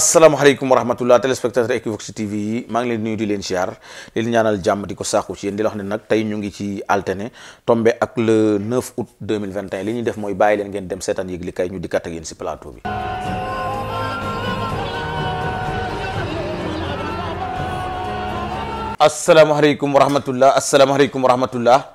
asalaamaaleykum wa rahmatullah téléspectateur Equivox TV yi maa ngi leen nuyu di leen siyaar di leen ñaanal jàmm di ko saaku ci yéen di la wax ne nag tey ñu ngi ci alterné tombé ak le 9 août 2021 li ñuy def mooy bàyyi leen ngeen dem seetaan yëgli kay ñu dikkaat ak yéen si plateau bi asalaamaaleykum wa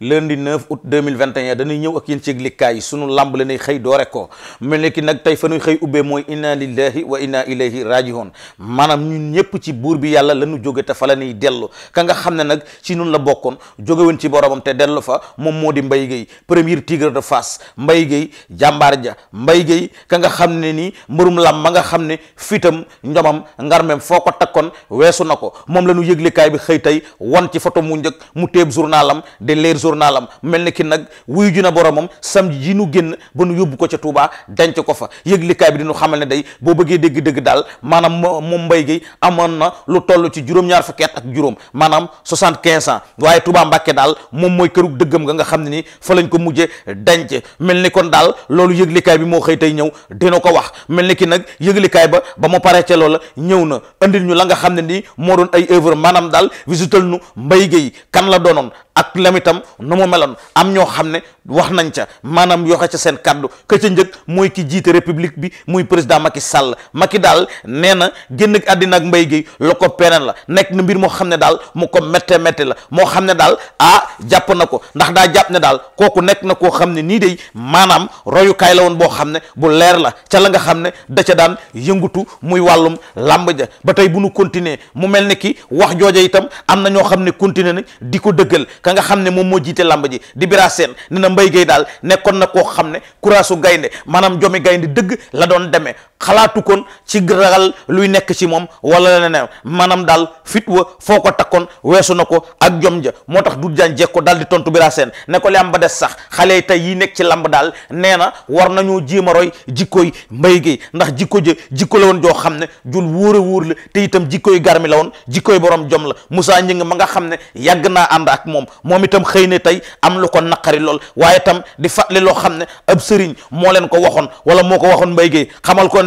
lundi 9 août 2021 dañuy ñëw ak yéen ci yëglikaay yi sunu lamb la ñuy xëy doore ko mel ni ki nag tey fa ñuy xëy ubbee mooy inna lillahi wa inna ilayhi rajihoon maanaam ñun ñëpp ci buur bi yàlla la ñu jóge te fa la ñuy dellu ka nga xam ne nag ci nun la bokkoon jóge woon ci boromam te dellu fa moom moo di Mbaye Gueye premier tigre de Fass mbay Gueye jàmbaar ja mbay Gueye ka nga xam ne nii mbarum lamb ma nga xam ne fitam njomam ngarmem foo ko takkoon weesu na ko moom la ñu yëglikaay bi xëy tey won ci photo mu njëkk mu téeb journalam de journal am mel ni ki nag wuyu ju na boromam samedi ji nu génn ba nu yóbbu ko ca Touba denc ko fa yëglikaay bi di nu xamal ne day boo bëggee dégg-dëgg daal maanaam moom mbay Guèye amoon na lu toll ci juróom-ñaar fukki at ak juróom maanaam soixante-quinze ans waaye Touba mbakke daal moom mooy këru dëggam nga nga xam ne ni fa lañ ko mujje denc mel ni kon daal loolu yëglikaay bi moo xëy tey ñëw dina ko wax mel ni ki nag yëglikaay ba ba ma paree ca la ñëw na andil ñu la nga xam ne nii moo doon ay œuvre maanaam daal visital nu Mbaye kan la doonoon ak lamitam nu mu meloon am ñoo xam ne wax nañ ca maanaam yoxe ca seen kàddu ka ca njëkk mooy ki jiite république bi muy président Macky Sall Macky daal nee na génn ak àddina ak mbay gi la ko peneen la nekk na mbir moo xam ne daal mu ko métte métte la moo xam ne daal ah jàpp na ko ndax daa jàpp ne daal kooku nekk na koo xam ne nii day maanaam royukaay la woon boo xam ne bu leer la ca la nga xam ne da ca daan yëngutu muy wàllum làmb ja ba tey bu nu continuer mu mel ne ki wax jooja itam am na ñoo xam ne continuer nañ di ko dëggal ka nga xam ne moom moo jiite làmb ji di bira seen ne na mbay gay daal nekkoon na koo xam ne kuraasu gaynde maanaam jomi gaynde dëgg la doon demee xalaatu kon ci ragal luy nekk ci moom wala leneen maanaam daal fit wa foo ko takkoon weesu na ko ak jom ja moo tax du jaan jekk ko daal di tontu bira seen ne ko li am ba des sax xale yi tey yi nekk ci lamb daal nee na war nañoo jéem a roy jikkooy mbay gi ndax jikko ja jikko la woon joo xam ne jul wóor a wóor la te itam jikkooy garmi la woon jikkooy borom jom la Moussa Ñing ma nga xam ne yàgg naa ànd ak moom moom itam xëy ne tey am lu ko naqari lool waaye tam di fàttali loo xam ne ab sëriñ moo leen ko waxoon wala moo ko waxoon mbay gi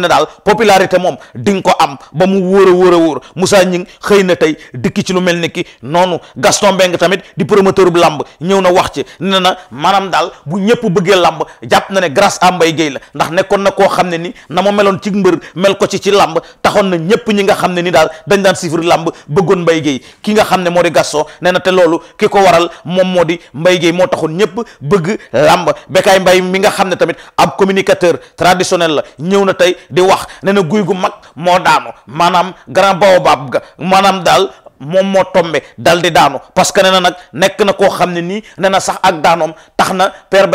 xamoon ne daal popularité moom di nga ko am ba mu wóor a wóor a wóor Moussa Gningue xëy na tey dikki ci lu mel ni ki noonu Gaston Mbengue tamit di promoteur bu lamb ñëw na wax ci ne na maanaam daal bu ñëpp bëggee lamb jàpp na ne grâce à Mbaye la ndax nekkoon na koo xam ne ni na ma meloon ci mbër mel ko ci ci lamb taxoon na ñëpp ñi nga xam ne ni daal dañ daan suivre lamb bëggoon Mbaye Guèye ki nga xam ne moo di Gaston nee na te loolu ki ko waral moom moo di Mbaye moo taxoon ñëpp bëgg lamb Bécaye Mbaye mi nga xam ne tamit ab communicateur traditionnel la ñëw na tey di wax ne na guy gu mag moo daanu maanaam grand baobab ga maanaam daal moom moo tombe dal di daanu parce que nee nag nekk na koo xam ne nii nee na sax ak daanoom tax na père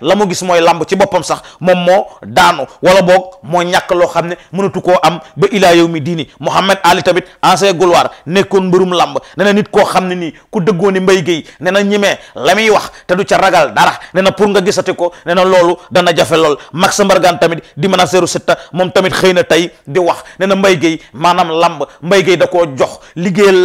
la mu gis mooy làmb ci boppam sax moom moo daanu wala boog moo ñàkk loo xam ne mënatu koo am ba ilaa yow mi diini Mouhamed Ali tamit ancien gloire nekkoon mbërum làmb nee nit koo xam ne nii ku dëggoo ni Mbaye Guèye nee na ñemee la muy wax te du ca ragal dara nee na pour nga gisati ko nee na loolu dana jafe lool Max Mbargane tamit di manaseeru Siteu moom tamit xëy na tey di wax nee na maanaam làmb Mbaye da koo jox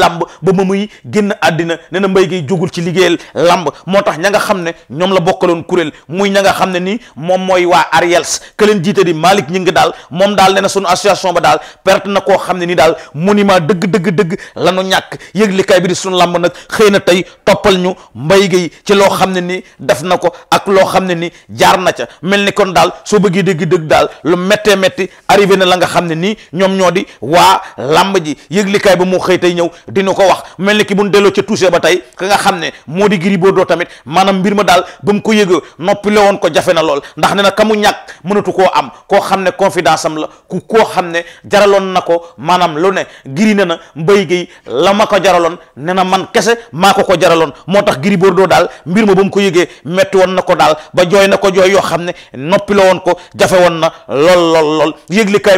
làmb ba ma muy génn àddina ne na mbay gi jógul ci liggéeyal làmb moo tax ña nga xam ne ñoom la bokkaloon kuréel muy ña nga xam ne ni moom mooy waa Ariels ke leen jiite di Malick ñi ngi daal moom daal ne na sunu association ba daal perte na koo xam ne ni daal monument dëgg dëgg dëgg la nu ñàkk yëglikaay bi di sunu làmb nag xëy na tey toppal ñu mbay gi ci loo xam ne ni def na ko ak loo xam ne ni jaar na ca mel ni kon daal soo bëggee dëgg dëgg daal lu méttee métti arrivé la nga xam ne nii ñoom ñoo di waa làmb ji yëglikaay ba moo xëy tey ñëw dinu ko wax mel ni ki mun delloo ca touché ba tey ka nga xam ne moo di Gris Bordeaux tamit maanaam mbir ma daal ba mu ko yëgee noppi woon ko jafe na lool ndax ne na ka mu ñàkk mënatu koo am koo xam ne confidence am la koo xam ne jaraloon na ko maanaam lu ne Gris ne na Mbaye Guèye la ma ko jaraloon ne na man kese maa ko ko jaraloon moo tax Gris Bordeaux daal mbir ma ba mu ko yëgee metti woon na ko daal ba jooy na ko jooy yoo xam ne noppi woon ko jafe woon na lool lool lool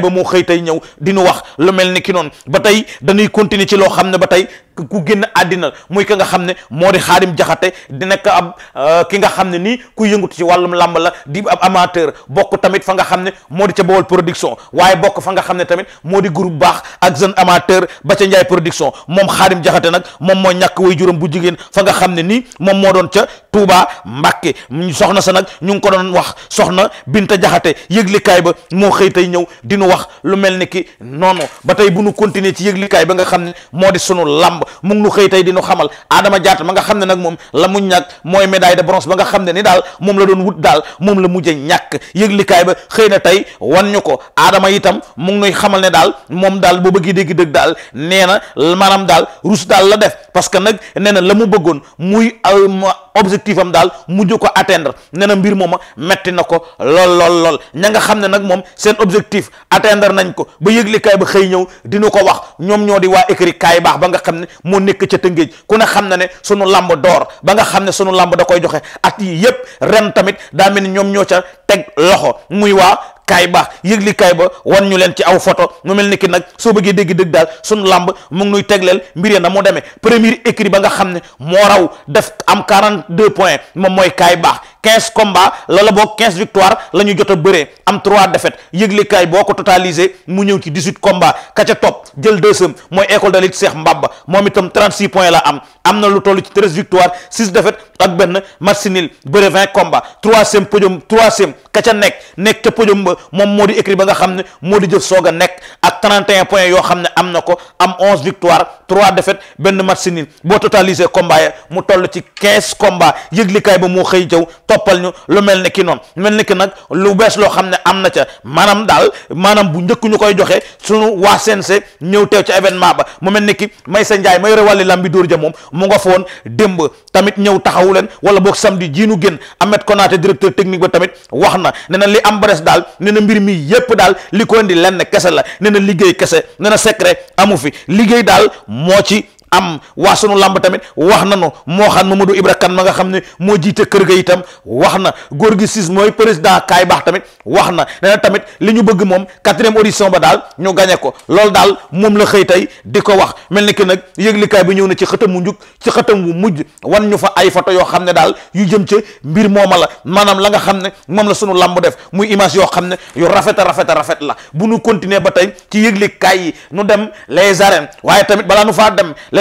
ba mu xëy tey ñëw dinu wax lu mel ni ki noonu ba tey dañuy continuer ci loo xam ne ba tey ku génn àddina muy ki nga xam ne moo di xaadim jaxate di nekk ab euh, ki nga xam ne nii ku yëngut ci wàllum làmb la di ab amateur bokk tamit fa nga xam ne moo di ca Bawol production waaye bokk fa nga xam ne tamit moo di groupe baax ak jeune amateur ba ca Njaay production moom xaadim jaxate nag moom moo ñakk way juróom bu jigéen fa nga xam ne nii moom moo doon ca Touba Mbàkke soxna sa nag ñu ngi ko doon wax soxna Binta jaxate yëglikaay ba moo xëy ba tey bu nu continuer sunu lamb mu ngi nu xëy tey di nu xamal Adama Diatta ma nga xam ne nag moom la mu ñàkk mooy médaille de bronze ba nga xam ne ni daal moom daal na tey wan ko Adama itam mu ngi xamal ne daal moom daal boo bëggee dégg dëgg daal nee na maanaam daal rus daal la def parce que nag nee na la mu bëggoon muy euh, objectif am daal mujj ko atteindre nee na mbir mooma metti na ko lool lool lool ña nga xam ne nag moom seen objectif atteindre nañ ko ba yëglikaay ba xëy ñëw dinu ko wax ñoom ñoo di waa écrit kaay baax ba nga xam ne moo nekk ca tëngéej ku ne xam na ne sunu làmb door ba nga xam ne sunu làmb da koy joxe at yii yépp ren tamit daa mel ni ñoom ñoo ca teg loxo muy waa kaay ba yëgli kaay ba wan ñu leen ci aw photo mu mel ni ki nag soo bëggee dégg dëgg daal sunu làmb mu ngi nuy tegleel mbir na mu demee premier écrit ba nga xam ne moo raw def am 42 points moom mooy kaay baax quinze combats lala boog quinze victoire la ñu jot a bëree am trois défaites yëglekaay boo ko totalisé mu ñëw ci dix-huit combats ka ca topp jël deuxième mooy école de lutte Cheikh Mbaba moom itam trente-six points la am am na lu toll ci treize victoire six défaites ak benn match nul bëre vingt combat troisième podium troisième ka ca nekk nekk ca podium ba moom moo di écrit ba nga xam ne moo di jëf soog nekk ak 31 points yoo xam ne am na ko am onze victoire trois défaites benn match nul boo totalisé combat ya mu toll ci quinze combat yëglikaay ba moo xëy jëw toppal ñu lu mel ne ki noonu mel ne ki nag lu bees loo xam ne am na ca maanaam daal maanaam bu njëkk ñu koy joxe suñu waa CNG ñëw teew ca événement ba mu mel ne ki Maysa Ndiaye may rewàlli lam bi dóor ja mu nga foon démb tamit ñëw taxaw yeewu leen wala boog samedi jiinu génn Ahmed Konaté directeur technique ba tamit wax na ne li am bares daal ne mbir mi yépp daal li ko indi lenn kese la ne na liggéey kese ne na secret amu fi liggéey daal moo ci am waa sunu làmb tamit wax na nu moo xam Mamadou Ibra nga xam ne moo jiite kër ga itam wax na góor gi siis mooy président kaay baax tamit wax na nee na tamit li ñu bëgg moom quatrième audition ba daal ñu gañe ko loolu daal moom la xëy tey di ko wax mel ni ki nag yëglikaay bi ñëw na ci xëtam mu njukk ci xëtam wu mujj wan ñu fa ay photo yoo xam ne daal yu jëm ca mbir mooma la maanaam la nga xam ne moom la sunu làmb def muy image yoo xam ne yu rafet a rafet rafet la bu ñu continuer ba tey ci yëglikaay yi nu dem les arènes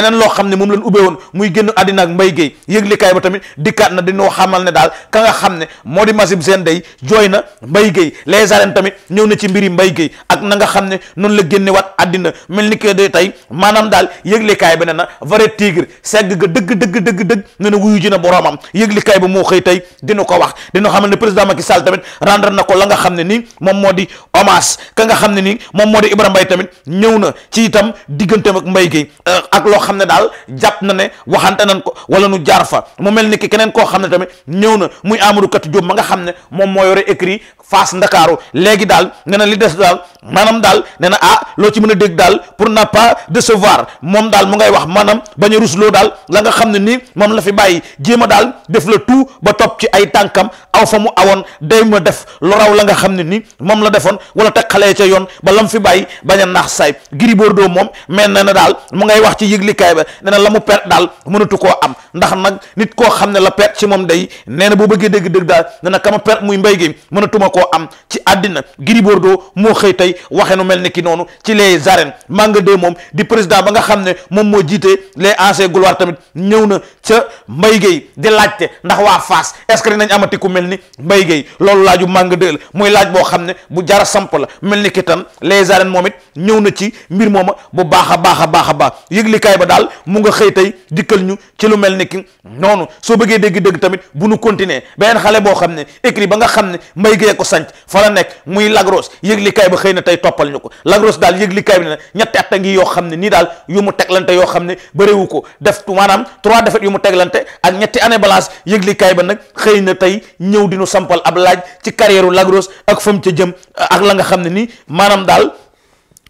leneen loo xam ne moom lañ ubbee woon muy génn àddina ak mbay géey yëglikaay ba tamit dikkaat na dinoo xamal ne daal ka nga xam ne moo di masib seen day jooy na mbay géey les arènes tamit ñëw na ci mbiri mbay géey ak na nga xam ne noonu la génne waat àddina mel ni que de tey maanaam daal yëglikaay bi ne na vrai tigre segg ga dëgg dëgg dëgg dëgg ne ji na boroomam yëglikaay bi moo xëy tey dina ko wax dina xamal ne président Macky Sall tamit rendre na ko la xam ne nii moom moo di hommage ka nga xam ne nii moom moo di Ibrahima mbay tamit ñëw na ci itam digganteem ak mbay géey euh, ak loo xam ne daal jàpp na ne waxante nañ ko wala nu jaar fa mu mel ni ki keneen koo xam ne tamit ñëw na muy Amadou Kati ma nga xam ne moom moo yore écrit Fass Ndakaaru léegi daal ne na li des daal maanaam daal ne na ah loo ci mën a dégg daal pour ne pas décevoir moom daal mu ngay wax maanaam bañ a daal la nga xam ne nii moom la fi bàyyi jéem a daal def la tout ba topp ci ay tànkam aw fa mu awoon day ma def lu raw la nga xam ne nii moom la defoon wala teg xale ca yoon ba lam fi bàyyi bañ a naax saay Gris moom mel na daal mu ngay wax ci yëgle yéenekaay ba nee na la mu perte daal mënatu koo am ndax nag nit koo xam ne la perte ci moom day nee na boo bëggee dégg dëgg daal nee na kama perte muy mbéy gi mënatuma koo am ci àddina Gris Bordeaux moo xëy tey waxe nu mel ni ki noonu ci les arènes Manga 2 moom di président ba nga xam ne moom moo jiite les anciens gloires tamit ñëw na ca Mbaye Gueye di laajte ndax waa Fass est-ce que amati ku mel ni Mbaye Gueye loolu laaju Manga 2 la laaj boo xam ne bu jara samp la mel ni ki tam les arènes moom it ñëw na ci mbir mooma bu baax a baax a baax a baax yëglikaay ba daal mu nga xëy tey dikkal ñu ci lu mel ni ki noonu soo bëggee dégg-dégg tamit bu nu continuer beneen xale boo xam ne écrit ba nga xam ne mbay gee ko sanc fa la nekk muy lagros yëglikaay ba xëy na tey toppal ñu ko lagros daal yëglikaay bi nag ñetti at ngi yoo xam ne nii yu mu teglante yoo xam ne bëreewu ko def maanaam trois défaites yu mu teglante ak ñetti année balance yëglikaay ba nag xëy na tey ñëw di nu sampal ab laaj ci carrière lagros ak fam ca jëm ak la nga xam ne nii maanaam daal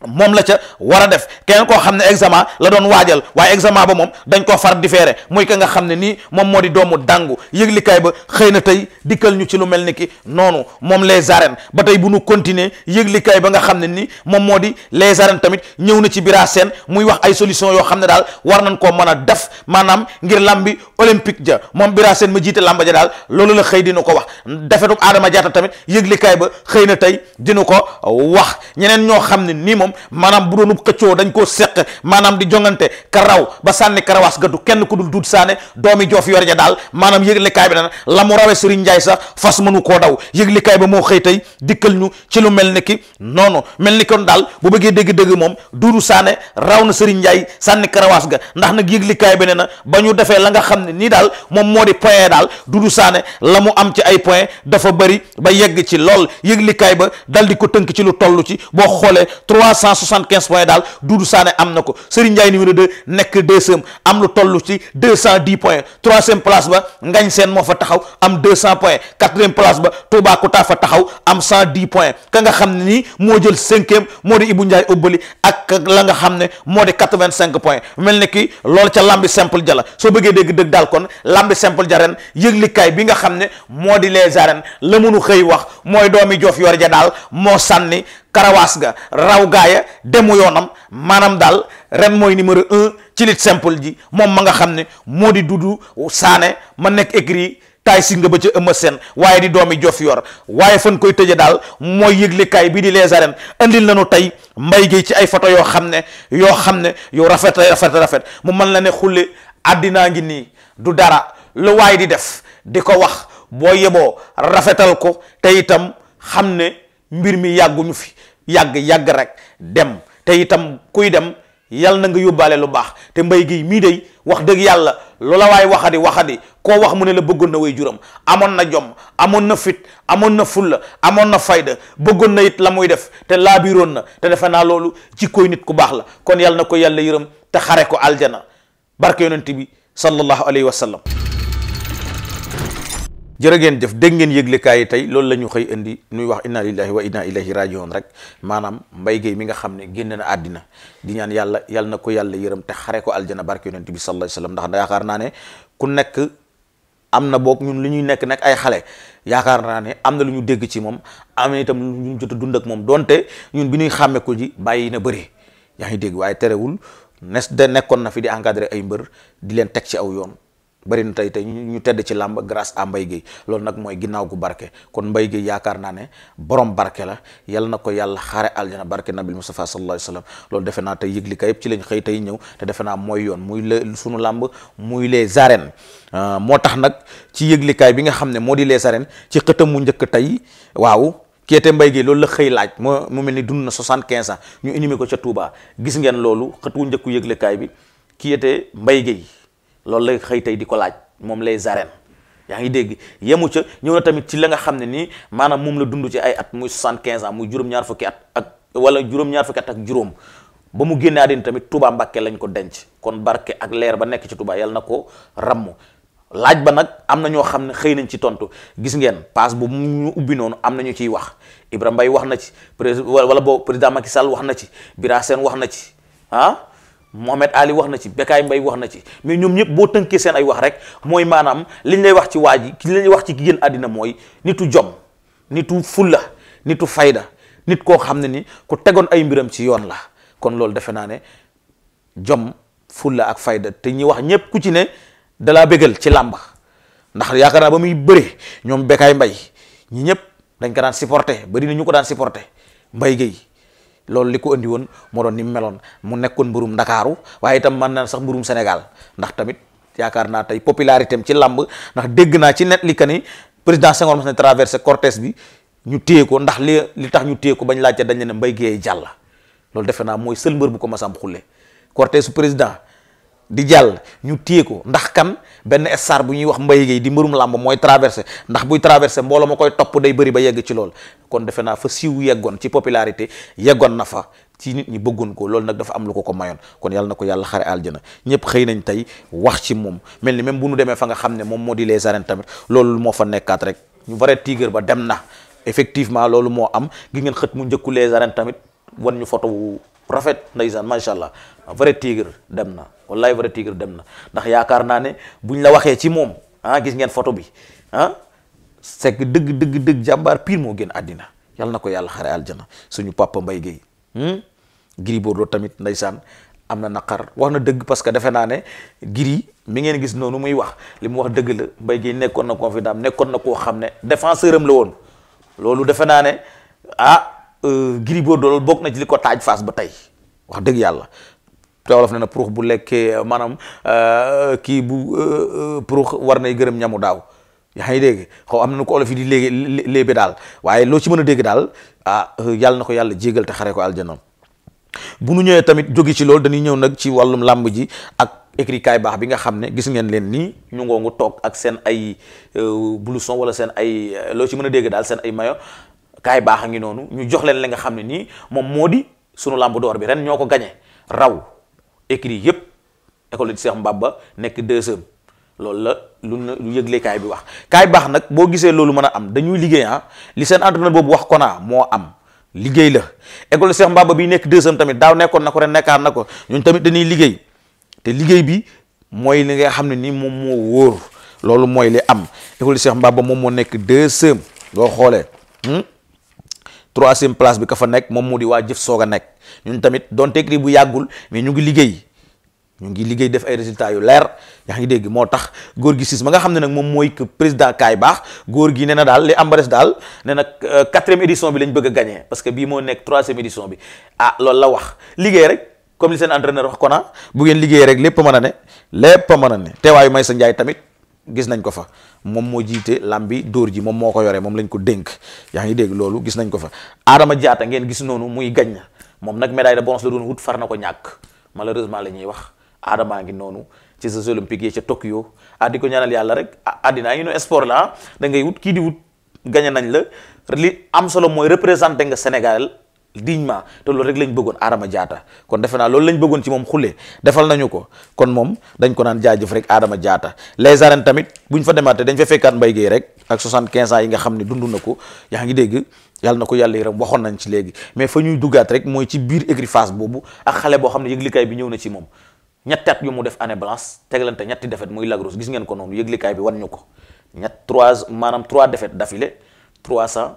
moom la ca war a def keneen koo xam ne examen la doon waajal waaye examen ba moom dañ koo far différé muy ka nga xam ne nii moom moo di doomu dàngu yëglikaay ba xëy na tey dikkal ñu ci lu mel ni ki noonu moom les arènes ba tey bu nu continuer yëglikaay ba nga xam ne nii moom moo di les arènes tamit ñëw na ci bira seen muy wax ay solution yoo xam ne daal war nañ koo mën a def maanaam ngir lambi olympique ja moom bira seen ma jiite lamba ja daal loolu la xëy dina ko wax defetu Adama Diatta tamit yëglikaay ba xëy na tey dina ko wax ñeneen ñoo xam ne nii moom moom maanaam bu doonub xëccoo dañ koo seq maanaam di jongante ka raw ba sànni karawaas ga du kenn ku dul duut saane doomi joof yor ja daal maanaam yëglekaay bi na la mu rawee Serigne Ndiaye sax fas mënu koo daw yëglekaay ba moo xëy tey dikkal ñu ci lu mel ni ki noonu mel ni kon daal bu bëggee dégg-dégg moom duudu saane raw na Serigne Ndiaye sànni karawaas ga ndax nag yëglekaay bi ne ba ñu defee la nga xam ne nii daal moom moo di point daal duudu saane la mu am ci ay point dafa bëri ba yegg ci lool yëglekaay ba dal di ko tënk ci lu toll ci boo xoolee trois 375 points daal Doudou Sané am na ko Serigne Ndiaye numéro 2 nekk deuxième am lu toll ci 210 points troisième place ba Ngagne Sène moo fa taxaw am 200 points points ka nga xam ne nii moo jël moo di Ibou Ndiaye Obali ak la nga xam ne moo di 85 points mel ni ki loolu ca lambi simple ja la soo bëggee dégg dëgg daal kon lambi simple ja ren yëglikaay bi nga xam ne moo di les arènes la mënu xëy wax mooy doomi Diofior ja daal karawaas ga raw gaaya demu yoonam maanaam daal ren mooy numéro un ci lit simple ji moom ma nga xam ne moo di Doudou saane ma nekk écrit taay si nga ba ca ëmma seen waaye di doomi jof yor waaye fan koy tëje daal mooy yëglekaay bii di les arènes andil nañu tey mbay gi ci ay photo yoo xam ne yoo xam ne yow rafet rafet rafet mu mën la ne xulle àddinaa ngi nii du dara lu waay di def di ko wax boo yeboo rafetal ko te itam xam ne mbir mi yàgguñu fi yàgg yàgg rek dem te itam kuy dem yal na nga yóbbaale lu baax te mbay gii mii day wax dëgg yàlla loola waaye waxadi waxadi koo wax mu ne la bëggoon na way juram amoon na jom amoon na fit amoon na fulla amoon na fayda bëggoon na it la muy def te laa biiroon na te defe naa loolu jikkooy nit ku baax la kon yal na ko yàlla yërëm te xare ko aljana barke yonent bi sallallahu alayhi wa sallam jërë ngeen jëf ngeen yëglekaay yi tey loolu la ñu xëy indi nuy wax inna lillahi wa inna ilayhi rajiun rek maanaam Mbaye Gueye mi nga xam ne génn na àddina di ñaan yàlla yàlla na ko yàlla yërëm te xare ko aljana barke yonent bi sallallahu alayhi wasallam ndax yaakaar naa ne ku nekk am na boog ñun lu ñuy nekk nag ay xale yaakaar naa ne am na lu ñu dégg ci moom am na itam ñu jot a dund ak moom donte ñun bi ñuy xàmme ko ji bàyyi na bëri ñax ngi dégg waaye terewul nes de nekkoon na fi di encadrer ay mbër di leen teg ci aw yoon bari na tey tey ñu tedd ci làmb grâce à Mbaye Guèye loolu nag mooy ginnaaw gu barke kon Mbaye Guèye yaakaar naa ne borom barke la yal na ko yàlla xaare aljana barke nabil Mustafa sallallahu alayhi wasallam loolu defe naa tey yëgli kay yëpp ci lañ xëy tey ñëw te defe naa mooy yoon muy le sunu làmb muy les arènes euh, moo tax nag ci yëglikaay bi nga xam ne moo di lee arènes ci xëtam mu njëkk tey waaw keete mbay gi loolu la xëy laaj moo mu mel ni dund na soixante quinze ans ñu inhumé ko ca Touba gis ngeen loolu xët wu njëkku yëglekaay bi kiyete mbay gi loolu lay xëy tey di ko laaj moom lay arènes yaa ngi dégg yemu ca ñëw na tamit ci la nga xam ne nii maanaam moom la dund ci ay at muy soixante-quinze ans muy juróom-ñaar fukki at ak wala juróom-ñaar fukki at ak juróom ba mu génnee àddina tamit tubaa Mbàkke lañ ko denc kon barke ak leer ba nekk ci tubaa yal na ko ramm laaj ba nag am na ñoo xam ne xëy nañ ci tontu gis ngeen passe bu mu ñu ubbi noonu am na ñu ciy wax Ibrahima mbay wax na ci président wala boobu président Macky Sall wax na ci Bira Sène wax na ci ah. Mohamed Ali wax na ci Bekaay mbay wax na ci mais ñoom ñëpp boo tënkee seen ay wax rek mooy maanaam liñ lay wax ci waa ji ki liñ lay wax ci génn àddina mooy nitu jom nitu fulla nitu fayda nit koo xam ne ni ku tegoon ay mbiram ci yoon la kon loolu defe naa ne jom fulla ak fayda te ñi wax ñëpp ku ci ne dalaa bégal ci làmba ndax yaakaar naa ba muy bëre ñoom Bekaay mbay ñi ñëpp dañ ko daan supporté bari na ñu ko daan supporté Mbaye Guèye loolu li ko andi woon moo doon ni mu meloon mu nekkoon mburum ndakaaru waaye itam man na sax mburum Sénégal ndax tamit yaakaar naa tey popularité am ci làmb ndax dégg naa ci net li que ni président Senghor mas na traversé cortège bi ñu téye ko ndax li li tax ñu téye ko bañ laajte dañ leen mbay géey jàlla loolu defe naa mooy sël mbër bu ko ma masam xulle cortège su président di jàll ñu téye ko ndax kan benn star bu ñuy wax Mbaye Guèye di mbërum làmb mooy traversé ndax buy traversé mbooloo ma koy topp day bari ba yegg ci lool kon defe naa fa siiw yeggoon ci popularité yeggoon na fa ci nit ñi bëggoon ko loolu nag dafa am lu ko ko mayoon kon yàlla na ko yàlla xare na ñëpp xëy nañ tey wax ci moom mel ni même bu nu demee fa nga xam ne moom moo di les arènes tamit loolu moo fa nekkaat rek ñu bare tigër ba dem na effectivement loolu moo am gi xët mu njëkku les arènes tamit wan ñu photo rafet ndeysaan macha allah vrai tigre dem na wallahi vrai tigre dem na ndax yaakaar naa ne buñ la waxee ci moom ah, gis ngeen photo bi ah sekk dëgg dëgg dëgg jàmbaar pire moo gën àddina yal na ko yàlla xare aljana suñu papa Mbaye Guèye hmm? Gris Bordeaux tamit ndeysaan am na naqar wax na dëgg parce que defe naa ne Gris mi ngeen gis noonu muy wax li mu wax dëgg la mbay Guèye nekkoon na confident nekkoon na koo xam ne défenseur am la woon loolu defe naa ne ah Euh, Gris Bordeaux loolu bokk na ci li ko taaj face ba tey wax dëgg yàlla tewolof ne na purux bu lekkee euh, maanaam euh, kii bu purux war nay gërëm ñamu daaw yaa ngi dégg xaw am na nu ko olof yi di léegi léebe daal waaye loo ci mën a dégg daal ah yàlla na ko yàlla jégal te xare ko bu nu ñëwee tamit jóge ci loolu dañuy ñëw nag ci wàllum làmb ji ak écrit kaay baax bi nga xam ne gis ngeen leen nii ñu ngoongu toog ak seen ay blouson wala seen ay loo ci mën a dégg daal seen ay mayo kaay baax ngi noonu ñu jox leen li nga xam ne nii moom moo di sunu làmb door bi ren ñoo ko gañe raw écrit yépp école di Cheikh Mbaba nekk deuxième loolu la lu lu yëgle bi wax kaay baax nag boo gisee loolu mën a am dañuy liggéey ah li seen entraîneur boobu wax ko naa moo am liggéey la école Cheikh Mbaba bi nekk deuxième tamit daaw nekkoon na ko ren nekkaat na ko ñun tamit dañuy liggéey te liggéey bi mooy li nga xam ne nii moom moo wóor loolu mooy li am école Cheikh ba moom moo nekk deuxième loo xoolee. Hmm? troisième place bi ka fa nekk moom moo di waa jëf soog a nekk ñun tamit donte écrit bu yàggul mais ñu ngi liggéey ñu ngi liggéey def ay résultat yu leer yaa ngi dégg moo tax góor gi siis ma nga xam ne nag moom mooy que président kaay baax góor gi nee na daal li ambares daal nee na euh, quatrième édition bi lañ bëgg a gagné parce que bii moo nekk troisième édition bi ah loolu la wax liggéey rek comme li seen entraîneur wax kona bu ngeen liggéey rek lépp mën a ne a gis nañ ko fa moom moo jiite làmbi dóor ji moom moo ko yore moom lañ ko dénk yaa ngi dégg loolu gis nañ ko fa Adama Diatta ngeen gis noonu muy gañ na moom nag médaille de bronze la doon wut far na ko ñàkk malheureusement la ñuy wax Adama ngi noonu ci Jeux olympiques yi ca Tokyo ah di ko ñaanal yàlla rek àddina yi no sport la ah, da ngay wut kii di wut gañe nañ la li am solo mooy représenté nga Sénégal dignement te loolu rek lañ bëggoon Adama Diatta kon defe naa loolu lañ bëggoon ci moom xulee defal nañu ko kon moom dañ ko naan jaajëf rek Adama Diatta les arènes tamit buñ fa demaatee dañ fa fekkaat Mbaye Guèye rek ak 75 ans yi nga xam ne dund na ko yaa ngi dégg yàlla na ko yàlla rek waxoon nañ ci léegi mais fa ñuy duggaat rek mooy ci biir écurie Fass boobu ak xale boo xam ne yëglikaay bi ñëw na ci moom ñetti at yu mu def année blanche teglante ñetti défaite muy Lac Rose gis ngeen ko noonu yëglikaay bi wan ñu ko ñett trois maanaam trois défaites d'affilée trois cent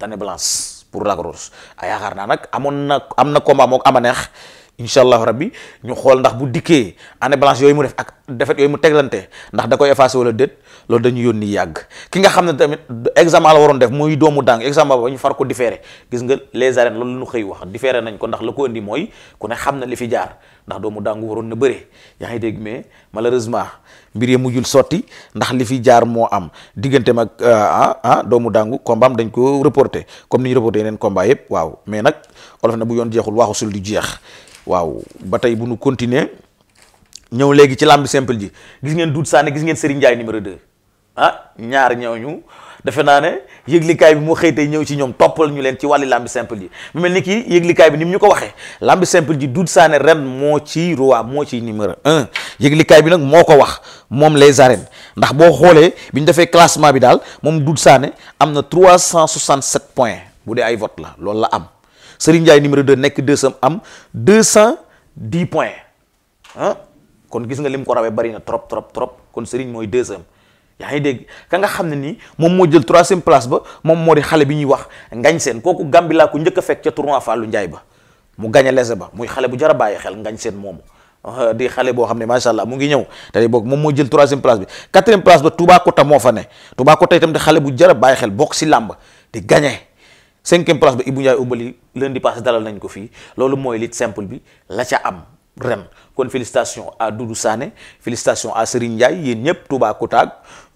année blanche pour Lac Rose a yaakaar naa nag amoon na am na combat mook ama neex incha allahu rabbi ñu xool ndax bu dikkee année blanche yooyu mu def ak defet yooyu mu teglante ndax da koy effacé wala déet loolu dañu yoon yónni yàgg ki nga xam ne tamit examen la waroon def muy doomu dàng examen ba ñu far ko différé gis nga les arènes loolu ñu xëy wax différé nañ ko ndax la ko indi mooy ku ne xam na li fi jaar ndax doomu dàngu waroon na bëre yaa ngi dégg mais malheureusement mbir yi mujjul sotti ndax li fi jaar moo am diggante mag euh, ah ah doomu dàngu combat dañ ko reporté comme ni ñu reporté yeneen combat yëpp waaw mais nag olof na bu yoon jeexul waxu sul jeex waaw ba tey bu nu continuer ñëw léegi ci làmb simple ji gis ngeen duut sànne gis ngeen Serigne Ndiaye numéro 2 ah ñaar ñu defe naa ne yëglikaay bi moo xëy tey ñëw ci ñoom toppal ñu leen ci wàlli làmb simple ji mu mel ni kii yëglikaay bi ni mu ñu ko waxee làmb simple ji Doudou Sané ren moo ci roi moo ci numéro un yëglikaay bi nag moo ko wax moom les arènes ndax boo xoolee bi ñu defee classement bi daal moom Doudou Sané am na 367 points bu dee ay vote la loolu la am. Serigne Ndiaye numéro 2 nekk deuxième am 210 points ah kon gis nga lim ko rawee bari na trop trop trop kon Serigne mooy deuxième yaa ngi dégg ka nga xam ne nii moom moo jël troisième place ba moom moo di xale bi ñuy wax ngañ seen kooku gàmbi laa njëkk a fekk ca tournoi ba mu gañ a lese ba muy xale bu jar a bàyyi xel ngañ seen moomu ah, di xale boo xam ne macha allah mu ngi ñëw tey boog moom moo jël troisième place bi quatrième place ba Toubacouta moo fa ne Toubacouta tam di xale bu jar a bàyyi xel bokk si làmb di gañe cinquième place ba Ibou Ndiaye Obali lundi passé dalal nañ ko fii loolu mooy lit simple bi la ca am ren kon félicitation à Doudou Sané félicitation à Serigne Ndiaye yéen ñëpp Touba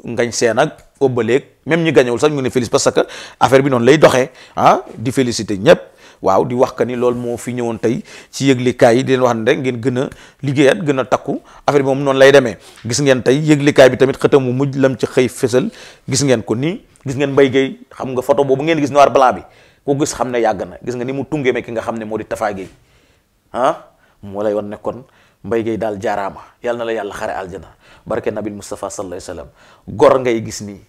Ngañ Seen ak Obaleeg même ñi gañewul sax ñu ne félicité parce que affaire bi noonu lay doxee ah di félicité ñëpp waaw di wax que ni loolu moo fi ñëwoon tey ci yëglikaay yi di leen wax ne rek ngeen gën a liggéeyaat gën a takku affaire bi moom noonu lay demee gis ngeen tey yëglikaay bi tamit xëtam mu mujj lam ci xëy fësal gis ngeen ko nii gis ngeen Mbaye Gueye xam nga foto boobu ngeen gis noir balaa bi ku gis xam ne yàgg na gis nga ni mu tungeeme ki nga xam ne moo di Tafa Gueye ah, moo lay wan ne kon Mbaye daal jaaraama yàlla na la yàlla xare aljana barke nabil Mustafa sallallahu alayhi wa sallam gor ngay gis nii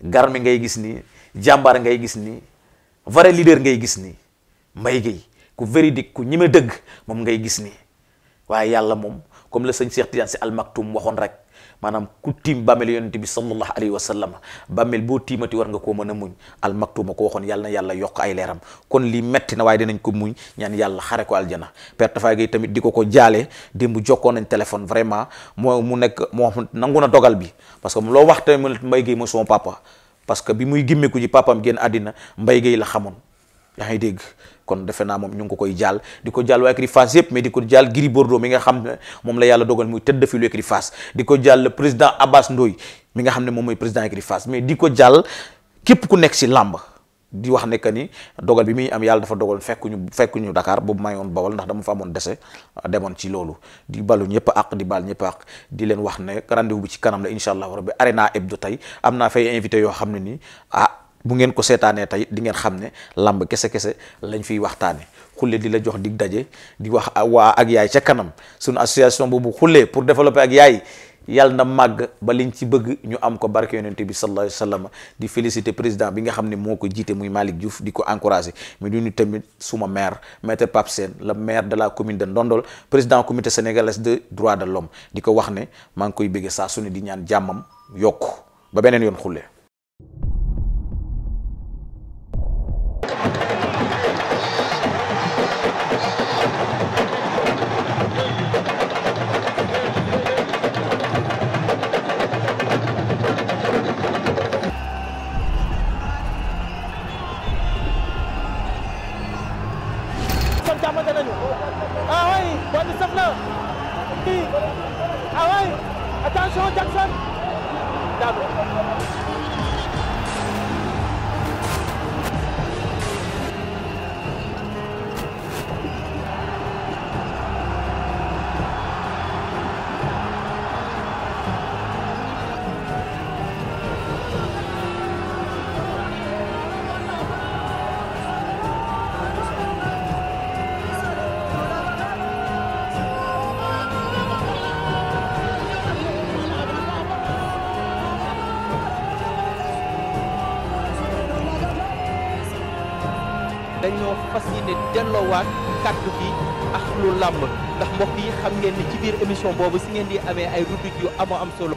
garmi ngay gis nii jàmbaar ngay gis nii vrai leader ngay gis nii mbay Gueye ku véridique ku ñime dëgg moom ngay gis nii waaye yàlla moom comme le sëñ Cheikh Tidiane si almaktum waxoon rek maanaam ku tiim bàmmeel yonent bi sallallahu alayhi wa sallam bàmmeel boo tiimati war nga koo mën a muñ almaktuma ko waxoon yàlla yàlla yokk ay leeram kon lii metti na waaye dinañ ko muñ ñaan yàlla xare ko aljana Père Tafa Gueye tamit di ko ko jaale démb jokkoon nañ téléphone vraiment moo mu nekk moo nangu na dogal bi parce que loo wax tamit mu Mbaye Gueye mooy sama papa parce que bi muy gimmeeku ji papaam génn àddina Mbaye Gueye la xamoon yaa ngi dégg kon defe naa moom ñu ngi ko koy jaal di ko jaal waa écurie Fass yëpp mais di ko jaal Gris Bordeaux nga xam ne moom la yàlla dogal muy tëdd fi lu écurie Fass di ko jaal président Abbas Ndoye mi ne moom mooy président écurie Fass mais di ko jaal képp ku nekk si làmb di wax ne que ni dogal bi muy am yàlla dafa dogal fekkuñu fekkuñu Dakar boobu maa ngi woon Bawol ndax dama fa amoon dese euh, demoon ci loolu di balu ñëpp ak di bal ñëpp ak di leen wax ne rendez-vous bi ci kanam la incha allah rabbi Arena Hebdo tey am naa fay invité yoo xam ne ni ah. bu ngeen ko seetaanee tey di ngeen xam ne làmb kese-kese lañ fiy waxtaanee xulle di la jox dig daje di wax waa ak yaay ca kanam sunu association boobu xulle pour développer ak yaay yàlla na màgg ba liñ ci bëgg ñu am ko barke yonente bi sallallahu alayhi wa sallam di féliciter président bi nga xam ne moo ko jiite muy Malick Diouf di ko encourager mais du ñu tamit suma maire maître Pape Sène le maire de la commune de Ndondol président comité sénégalais de droit de l'homme di ko wax ne maa ngi koy saa su di ñaan jàmmam yokk ba beneen yoon ne delloowaat kàddu gi ak lu làmb ndax mbokk yi xam ngeen ni ci biir émission boobu si ngeen di amee ay rubrique yu amoo am solo